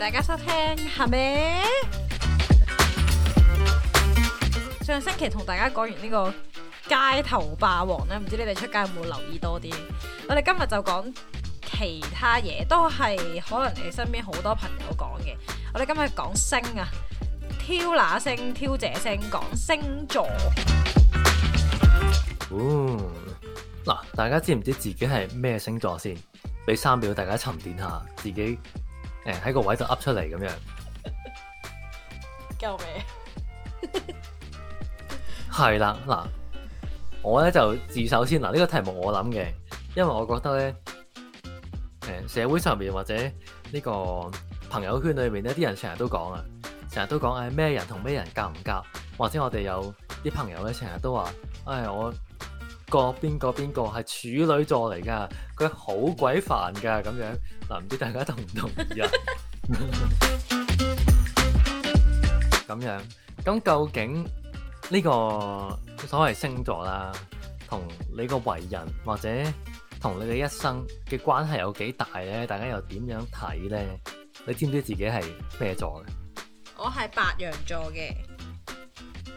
大家收聽係咪？上星期同大家講完呢個街頭霸王咧，唔知你哋出街有冇留意多啲？我哋今日就講其他嘢，都係可能你身邊好多朋友講嘅。我哋今日講星啊，眺那星，眺這星，講星座。嗯，嗱，大家知唔知自己係咩星座先？俾三秒大家沉澱下自己。誒喺、嗯、個位就噏出嚟咁樣，救命！係 啦，嗱，我咧就自首先嗱，呢個題目我諗嘅，因為我覺得咧，誒、欸、社會上面或者呢個朋友圈裏面呢啲人成日都講啊，成日都講誒咩人同咩人夾唔夾，或者我哋有啲朋友咧，成日都話唉、哎，我。個邊個邊個係處女座嚟噶？佢好鬼煩噶咁樣，嗱，唔知大家同唔同意啊？咁 樣，咁究竟呢個所謂星座啦，同你個為人或者同你嘅一生嘅關係有幾大咧？大家又點樣睇咧？你知唔知自己係咩座嘅？我係白羊座嘅，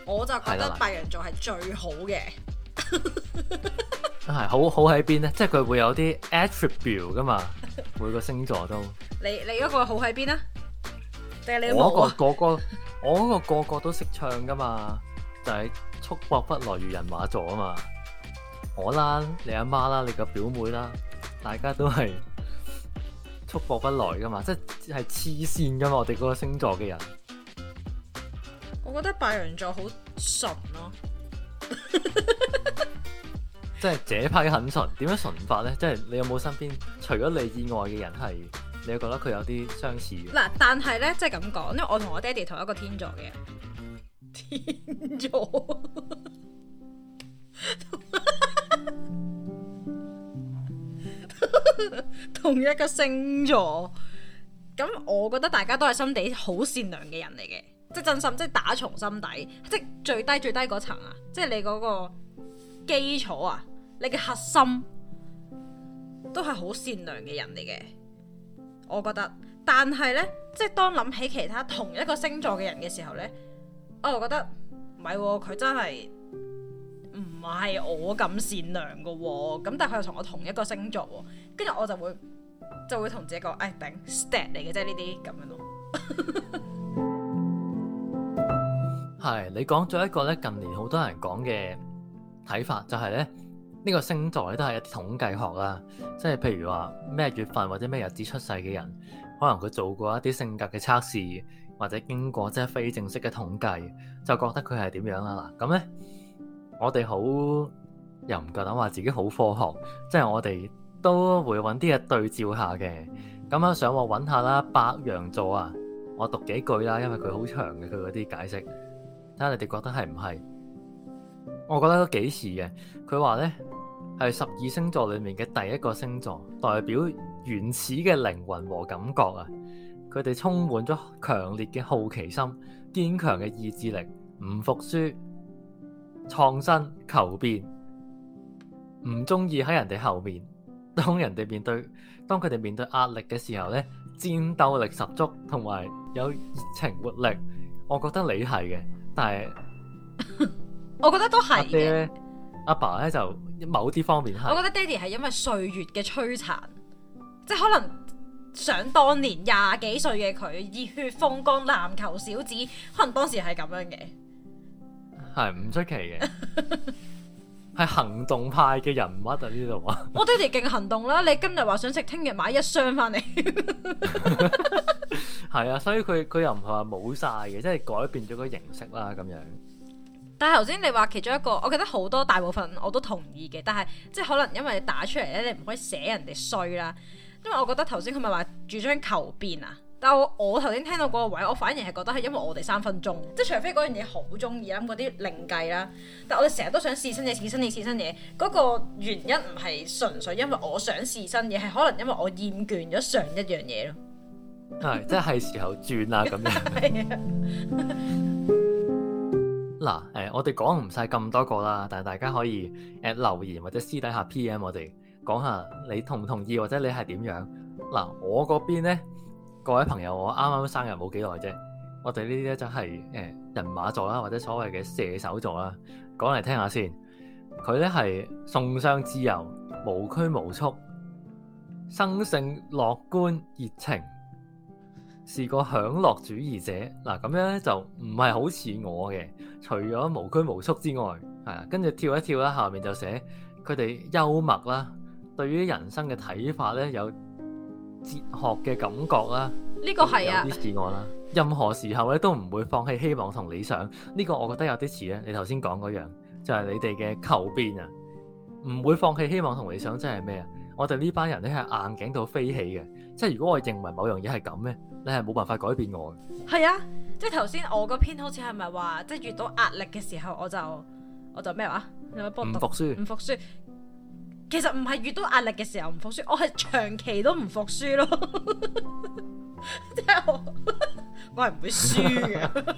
我就覺得白羊座係最好嘅。 真係 好好喺邊咧？即係佢會有啲 attribute 噶嘛，每個星座都。 你你嗰個好喺邊啊？我個個個我嗰個個個都識唱噶嘛，就係、是、束縛不來如人馬座啊嘛，我啦，你阿媽啦，你個表妹啦，大家都係束縛不來噶嘛，即係黐線噶嘛，我哋嗰個星座嘅人。我覺得白羊座好純咯。 即係這批很純，點樣純法呢？即係你有冇身邊除咗你以外嘅人係，你覺得佢有啲相似？嗱，但係呢，即係咁講，因為我同我爹哋同一個天座嘅，天座， 同一個星座。咁我覺得大家都係心底好善良嘅人嚟嘅，即係真心，即係打從心底，即係最低最低嗰層啊，即係你嗰個基礎啊。你嘅核心都係好善良嘅人嚟嘅，我覺得。但係呢，即係當諗起其他同一個星座嘅人嘅時候呢，我又覺得唔係，佢、喎、真係唔係我咁善良㗎、喎。咁但係佢又同我同一個星座、喎，跟住我就會就會同自己講，唉、哎，頂 Step 嚟嘅啫呢啲咁樣咯。係 你講咗一個呢近年好多人講嘅睇法，就係、是、呢。呢個星座都係一啲統計學啦，即係譬如話咩月份或者咩日子出世嘅人，可能佢做過一啲性格嘅測試，或者經過即係非正式嘅統計，就覺得佢係點樣啦嗱。咁咧，我哋好，又唔夠膽話自己好科學，即係我哋都會揾啲嘢對照下嘅。咁啊，想話揾下啦，白羊座啊，我讀幾句啦，因為佢好長嘅佢嗰啲解釋，睇下你哋覺得係唔係？我覺得都幾似嘅。佢話咧係十二星座裏面嘅第一個星座，代表原始嘅靈魂和感覺啊！佢哋充滿咗強烈嘅好奇心，堅強嘅意志力，唔服輸，創新求變，唔中意喺人哋後面。當人哋面對，當佢哋面對壓力嘅時候咧，戰鬥力十足，同埋有熱情活力。我覺得你係嘅，但係 我覺得都係阿爸咧就某啲方面，我覺得爹哋係因為歲月嘅摧殘，即係可能想當年廿幾歲嘅佢熱血風光籃球小子，可能當時係咁樣嘅，係唔出奇嘅，係 行動派嘅人物啊呢度啊！話我爹哋勁行動啦，你今日話想食，聽日買一箱翻嚟，係 啊，所以佢佢又唔係話冇晒嘅，即係改變咗個形式啦咁樣。但係頭先你話其中一個，我覺得好多大部分我都同意嘅，但係即係可能因為打出嚟咧，你唔可以寫人哋衰啦。因為我覺得頭先佢咪話主張求變啊，但係我我頭先聽到嗰個位，我反而係覺得係因為我哋三分鐘，即係除非嗰樣嘢好中意啦，咁嗰啲另計啦。但係我哋成日都想試新嘢，試新嘢，試新嘢，嗰個原因唔係純粹因為我想試新嘢，係可能因為我厭倦咗上一樣嘢咯。係， 即係時候轉啦咁樣。 嗱，誒，我哋講唔晒咁多個啦，但係大家可以誒留言或者私底下 P.M 我哋講下你同唔同意或者你係點樣？嗱，我嗰邊咧，各位朋友，我啱啱生日冇幾耐啫，我哋呢啲咧就係誒人馬座啦，或者所謂嘅射手座啦，講嚟聽下先。佢呢係崇尚自由、無拘無束、生性樂觀、熱情。是個享樂主義者嗱，咁樣咧就唔係好似我嘅，除咗無拘無束之外，係啊，跟住跳一跳啦，下面就寫佢哋幽默啦，對於人生嘅睇法咧有哲學嘅感覺啦，呢個係啊，有啲似我啦。任何時候咧都唔會放棄希望同理想，呢、這個我覺得有啲似咧，你頭先講嗰樣就係、是、你哋嘅求變啊，唔會放棄希望同理想，即係咩啊？我哋呢班人咧係硬頸到飛起嘅。即係如果我認為某樣嘢係咁咧，你係冇辦法改變我嘅。係啊，即係頭先我嗰篇好似係咪話，即係遇到壓力嘅時候我，我就我就咩話？有冇唔服輸。唔服輸。其實唔係遇到壓力嘅時候唔服輸，我係長期都唔服輸咯。 即係是我， 我係唔會輸嘅。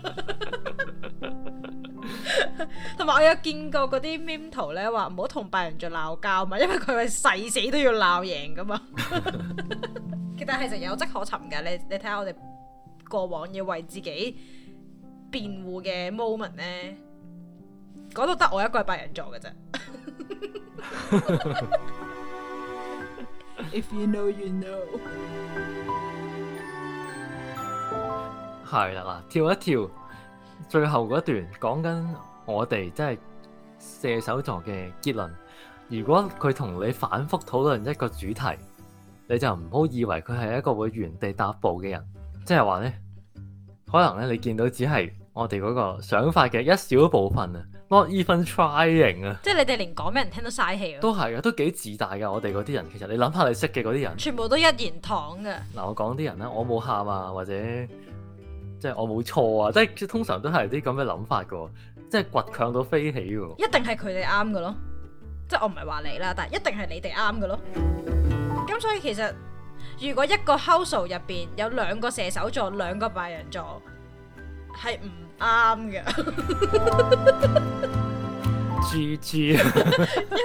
同 埋我有見過嗰啲 M 圖咧，話唔好同白人族鬧交嘛，因為佢係誓死都要鬧贏噶嘛。 其實係實有迹可尋噶，你你睇下我哋過往要為自己辯護嘅 moment 咧，嗰度得我一個白羊座嘅啫。If you know, you know。係 啦，嗱，跳一跳，最後嗰段講緊我哋即係射手座嘅結論。如果佢同你反覆討論一個主題。你就唔好以為佢係一個會原地踏步嘅人，即係話咧，可能咧你見到只係我哋嗰個想法嘅一小部分啊，not even trying 啊，即係你哋連講俾人聽都嘥氣啊，都係啊，都幾自大㗎。我哋嗰啲人其實你諗下，你識嘅嗰啲人，全部都一言堂嘅。嗱，我講啲人咧，我冇喊啊，或者即係、就是、我冇錯啊，即係通常都係啲咁嘅諗法嘅，即係倔強到飛起喎。一定係佢哋啱㗎咯，即係我唔係話你啦，但係一定係你哋啱㗎咯。咁所以其實如果一個 house 入邊有兩個射手座、兩個白羊座，係唔啱嘅。GG，因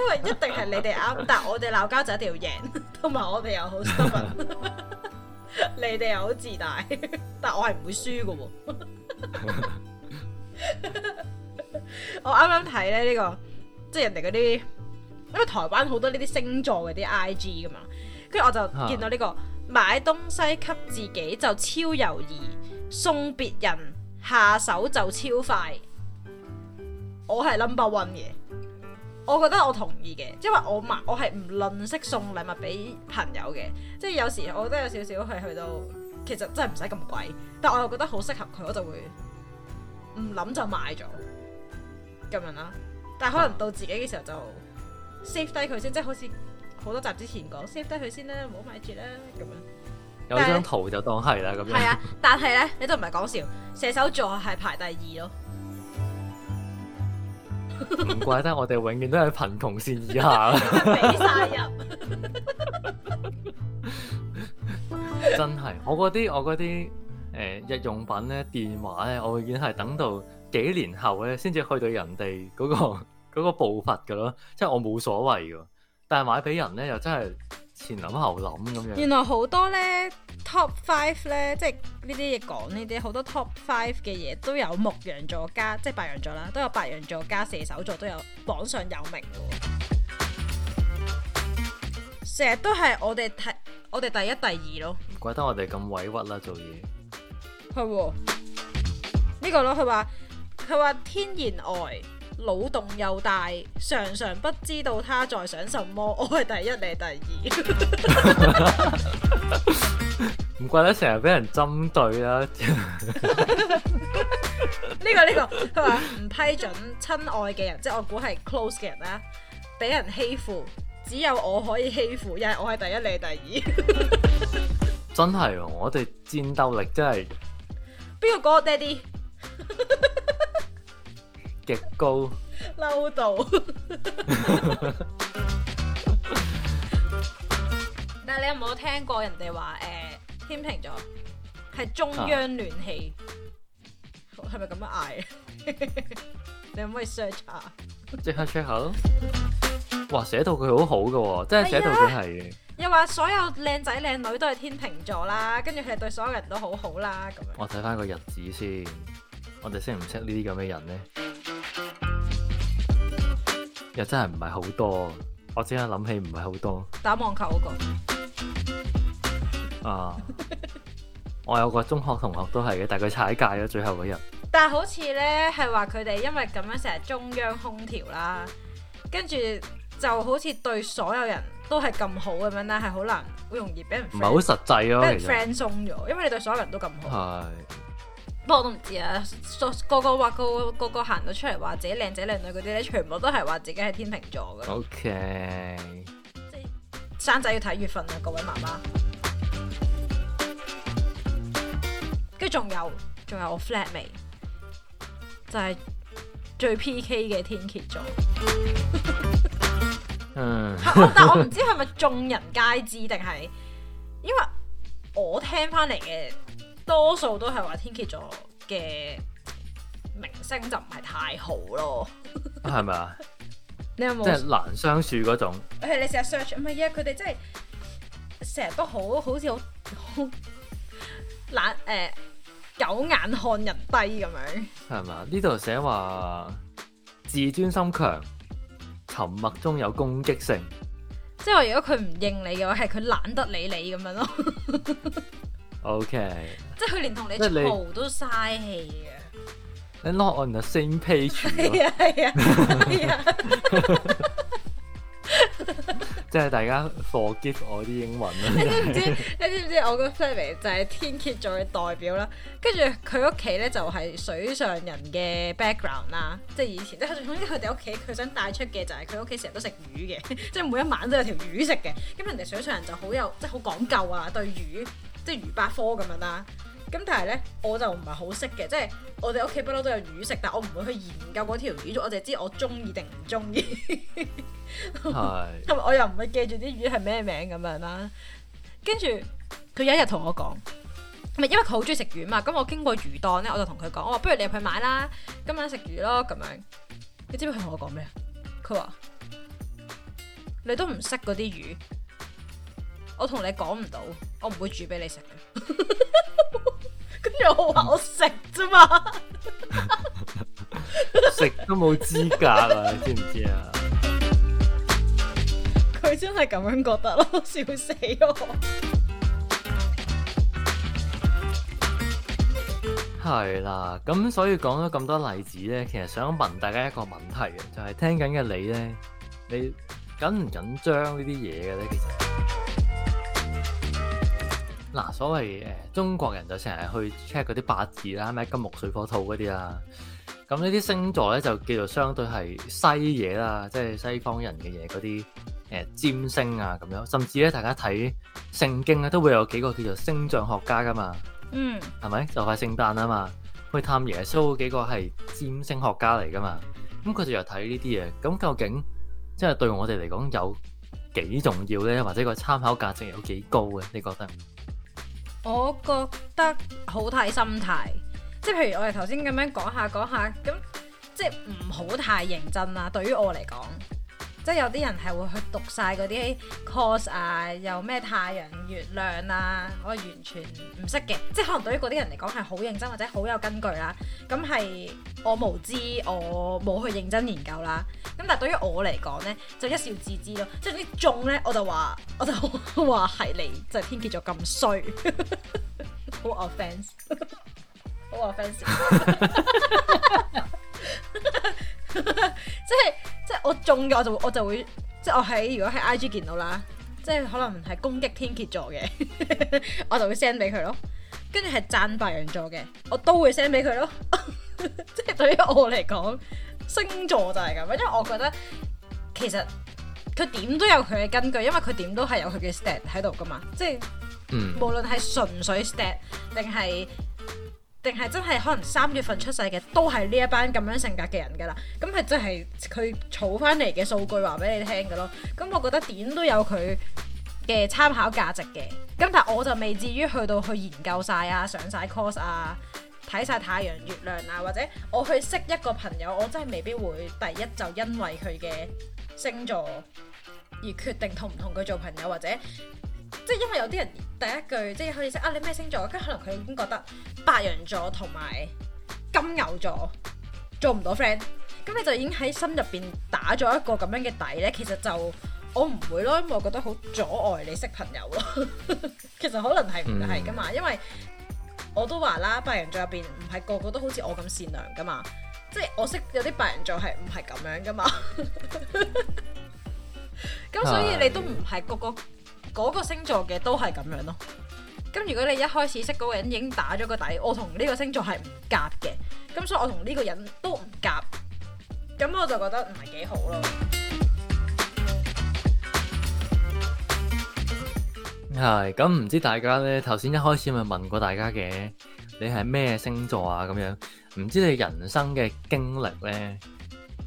為一定係你哋啱，但我哋鬧交就一定要贏，同埋我哋又好聰明，你哋又好自大，但我係唔會輸嘅。我啱啱睇咧呢個，即係人哋嗰啲，因為台灣好多呢啲星座嗰啲 IG 噶嘛。跟住我就見到呢、這個、啊、買東西給自己就超猶豫，送別人下手就超快。我係 number one 嘅，我覺得我同意嘅，因為我買我係唔吝嗇送禮物俾朋友嘅，即係有時我都有少少係去到，其實真係唔使咁貴，但我又覺得好適合佢，我就會唔諗就買咗咁樣啦。但係可能到自己嘅時候就 save 低佢先，即係好似。好多集之前講 save 得佢先啦，唔好買住啦，咁樣。有張圖就當係啦，咁樣但。係啊，但係咧，你都唔係講笑，射手座係排第二咯。唔怪得我哋永遠都係貧窮線以下啦。俾曬入。真係，我嗰啲我嗰啲誒日用品咧、電話咧，我已經係等到幾年後咧，先至去到人哋嗰個嗰個步伐噶咯。即係我冇所謂㗎。但係買俾人咧，又真係前諗後諗咁樣。原來好多咧、嗯、，Top Five 咧，即係呢啲嘢講呢啲，好多 Top Five 嘅嘢都有牧羊座加，即係白羊座啦，都有白羊座加射手座都有榜上有名嘅喎。成日都係我哋第我哋第一、第二咯。唔怪得我哋咁委屈啦，做嘢係呢個咯。佢話佢話天然呆。腦洞又大，常常不知道他在想什麼。我係第一你第二？唔怪得成日俾人針對啦。呢個呢個佢話唔批准親愛嘅人，即係我估係 close 嘅人啦，俾人欺負，只有我可以欺負，因為我係第一你第二。 真係，我哋戰鬥力真係。邊個講我爹哋？爸爸 極高嬲到，但係你有冇聽過人哋話誒天秤座係中央暖氣，係咪咁樣嗌？你可唔可以 search 啊？即刻 check 下咯。哇，寫到佢好好噶，即係寫到佢係嘅。又話所有靚仔靚女都係天秤座啦，跟住佢係對所有人都好好啦咁樣。我睇翻個日子先，我哋識唔識呢啲咁嘅人咧？又真係唔係好多，我即刻諗起唔係好多。打網球嗰個 啊，我有個中學同學都係嘅，但佢踩界咗最後嗰日。但係好似咧，係話佢哋因為咁樣成日中央空調啦，跟住就好似對所有人都係咁好咁樣咧，係好難，好容易俾人唔係好實際咯，即係 friend 鬆咗，實因為你對所有人都咁好。我都唔知啊，個個話個個個行到出嚟，話自己靚仔靚女嗰啲咧，全部都係話自己係天秤座噶。OK，生仔要睇月份啊，各位媽媽。跟住仲有，仲有我 flatmate，就係最 PK 嘅天蠍座。嗯，但我唔知係咪眾人皆知定係，因為我聽翻嚟嘅。多數都係話天蠍座嘅名聲就唔係太好咯，係咪啊？你有冇即係難相處嗰種？誒、哎，你成日 search 唔乜嘢？佢、哎、哋真係成日都好好似好好懶誒，狗、呃、眼看人低咁樣。係咪啊？呢度寫話自尊心強，沉默中有攻擊性。即係話如果佢唔認你嘅話，係佢懶得理你咁樣咯。 O.K. 即係佢連同你出毛都嘥氣啊！not on the same page。係啊係啊！即係大家 forgive 我啲英文啦。你知唔知？你知唔知？我個 friend 就係天蠍座嘅代表啦。跟住佢屋企咧就係水上人嘅 background 啦，即係以前咧，總之佢哋屋企佢想帶出嘅就係佢屋企成日都食魚嘅，即係每一晚都有條魚食嘅。咁人哋水上人就好有即係好講究啊，對魚。即係魚百科咁樣啦，啊，咁但係咧我就唔係好識嘅，即係我哋屋企不嬲都有魚食，但我唔會去研究嗰條魚，我就知我中意定唔中意。係 是。同埋 我又唔會記住啲魚係咩名咁樣啦，啊。跟住佢有一日同我講，咪，因為佢好中意食魚嘛，咁我經過魚檔咧，我就同佢講，我話不如你入去買啦，今晚食魚咯咁樣。你知唔知佢同我講咩？佢話你都唔識嗰啲魚。我同你講唔到，我唔會煮俾你食嘅。跟 住我話我食啫嘛，食都冇資格啦，你知唔知啊？佢真係咁樣覺得咯，笑死我！係啦， 咁所以講咗咁多例子咧，其實想問大家一個問題嘅，就係聽緊嘅你咧，你緊唔緊張呢啲嘢嘅咧？其實。嗱、啊，所謂誒、呃、中國人就成日去 check 嗰啲八字啦，咩金木水火土嗰啲啦，咁呢啲星座咧就叫做相對係西嘢啦，即係西方人嘅嘢嗰啲誒占星啊咁樣，甚至咧大家睇聖經咧、啊、都會有幾個叫做星象學家㗎嘛，嗯，係咪就快聖誕啊嘛，去探耶穌嗰幾個係占星學家嚟㗎嘛，咁佢哋又睇呢啲嘢，咁究竟即係對我哋嚟講有幾重要咧，或者個參考價值有幾高嘅？你覺得？我覺得好睇心態，即係譬如我哋頭先咁樣講下講下，咁即係唔好太認真啦。對於我嚟講，即係有啲人係會去讀晒嗰啲 course 啊，又咩太陽、月亮啊，我完全唔識嘅。即係可能對於嗰啲人嚟講係好認真或者好有根據啦。咁係我無知，我冇去認真研究啦。咁但係對於我嚟講咧，就一笑置之咯。即係啲中咧，我就話，我就話係你就係天蠍座咁衰， 好 offen se 好 offense 即係即係我中嘅，我就我就會即係我喺如果喺 I G 見到啦，即係可能係攻擊天蠍座嘅，我就會 send 俾佢咯。跟住係讚白羊座嘅，我都會 send 俾佢咯。 即係對於我嚟講。星座就係咁，因為我覺得其實佢點都有佢嘅根據，因為佢點都係有佢嘅 stat 喺度噶嘛，即係、嗯、無論係純粹 stat 定係定係真係可能三月份出世嘅，都係呢一班咁樣性格嘅人噶啦。咁係真係佢儲翻嚟嘅數據話俾你聽噶咯。咁我覺得點都有佢嘅參考價值嘅。咁但係我就未至於去到去研究晒啊，上晒 course 啊。睇晒太陽、月亮啊，或者我去識一個朋友，我真係未必會第一就因為佢嘅星座而決定同唔同佢做朋友，或者即係因為有啲人第一句即係可以識啊，你咩星座？跟住可能佢已經覺得白羊座同埋金牛座做唔到 friend，咁你就已經喺心入邊打咗一個咁樣嘅底呢，其實就我唔會咯，因為我覺得好阻礙你識朋友咯。 其實可能係唔係噶嘛，嗯、因為。我都話啦，白羊座入邊唔係個個都好似我咁善良噶嘛，即係我識有啲白羊座係唔係咁樣噶嘛，咁 所以你都唔係個個、嗰個星座嘅都係咁樣咯。咁如果你一開始識嗰個人已經打咗個底，我同呢個星座係唔夾嘅，咁所以我同呢個人都唔夾，咁我就覺得唔係幾好咯。係，咁唔、嗯、知大家咧，頭先一開始咪問過大家嘅，你係咩星座啊？咁樣，唔知你人生嘅經歷咧，誒、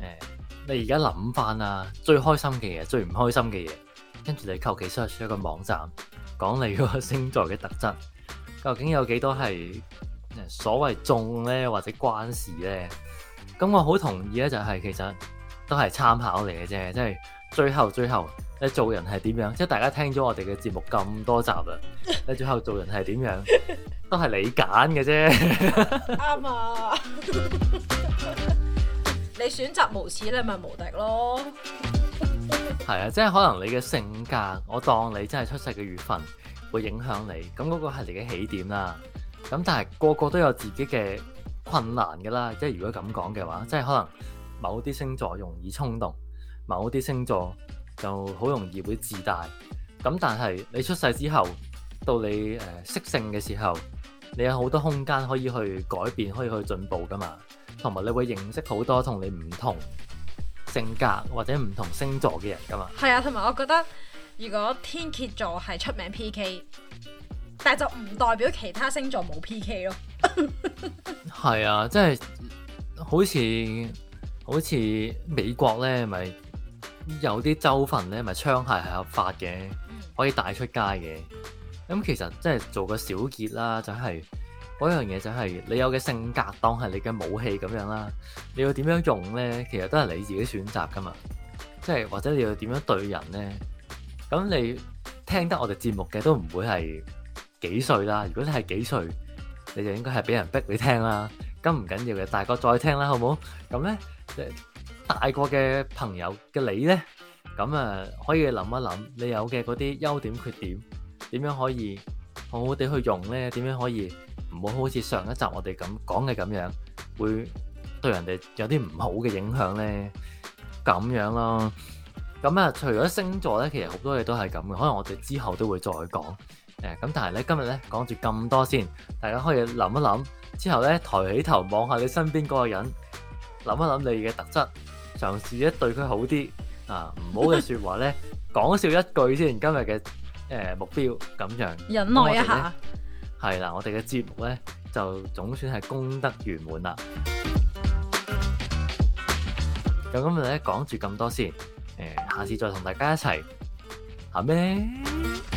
呃，你而家諗翻啊，最開心嘅嘢，最唔開心嘅嘢，跟住你求其 search 一個網站，講你嗰個星座嘅特質，究竟有幾多係所謂中咧，或者關事咧？咁、嗯、我好同意咧、就是，就係其實都係參考嚟嘅啫，即、就、係、是、最後最後。你做人係點樣？即係大家聽咗我哋嘅節目咁多集啦，你最後做人係點樣？都係你揀嘅啫。啱啊！你選擇無恥、 嗯，你咪無敵咯。係、嗯、啊，嗯嗯、 即係可能你嘅性格，我當你真係出世嘅月份，會影響你。咁嗰個係你嘅起點啦。咁但係個個都有自己嘅困難噶啦。即係如果咁講嘅話，即係可能某啲星座容易衝動，某啲星座。就好容易會自大，咁但係你出世之後，到你誒識、呃、性嘅時候，你有好多空間可以去改變，可以去進步噶嘛，同埋你會認識好多同你唔同性格或者唔同星座嘅人噶嘛。係啊，同埋我覺得，如果天蠍座係出名 PK，但係就唔代表其他星座冇 PK 咯。係 啊，即係好似好似美國咧咪。有啲州份咧，咪槍械係合法嘅，可以帶出街嘅。咁、嗯、其實即係做個小結啦，就係、是、嗰樣嘢就係、是、你有嘅性格當係你嘅武器咁樣啦。你要點樣用咧，其實都係你自己選擇噶嘛。即係或者你要點樣對人咧？咁你聽得我哋節目嘅都唔會係幾歲啦。如果你係幾歲，你就應該係俾人逼你聽啦。咁唔緊要嘅，大個再聽啦，好唔好？咁咧，大個嘅朋友嘅你呢，咁啊，可以諗一諗你有嘅嗰啲優點缺點，點樣可以好好地去用呢？點樣可以唔好好似上一集我哋咁講嘅咁樣，會對人哋有啲唔好嘅影響呢？咁樣咯。咁啊，除咗星座呢，其實好多嘢都係咁嘅。可能我哋之後都會再講誒。咁但係呢，今日呢，講住咁多先，大家可以諗一諗之後呢，抬起頭望下你身邊嗰個人，諗一諗你嘅特質。嘗試一對佢好啲啊，唔好嘅 說話咧，講笑一句先。今日嘅誒目標咁樣，忍耐一下。係啦，我哋嘅節目咧就總算係功德圓滿啦。咁 今日咧講住咁多先，誒、呃，下次再同大家一齊吓咩？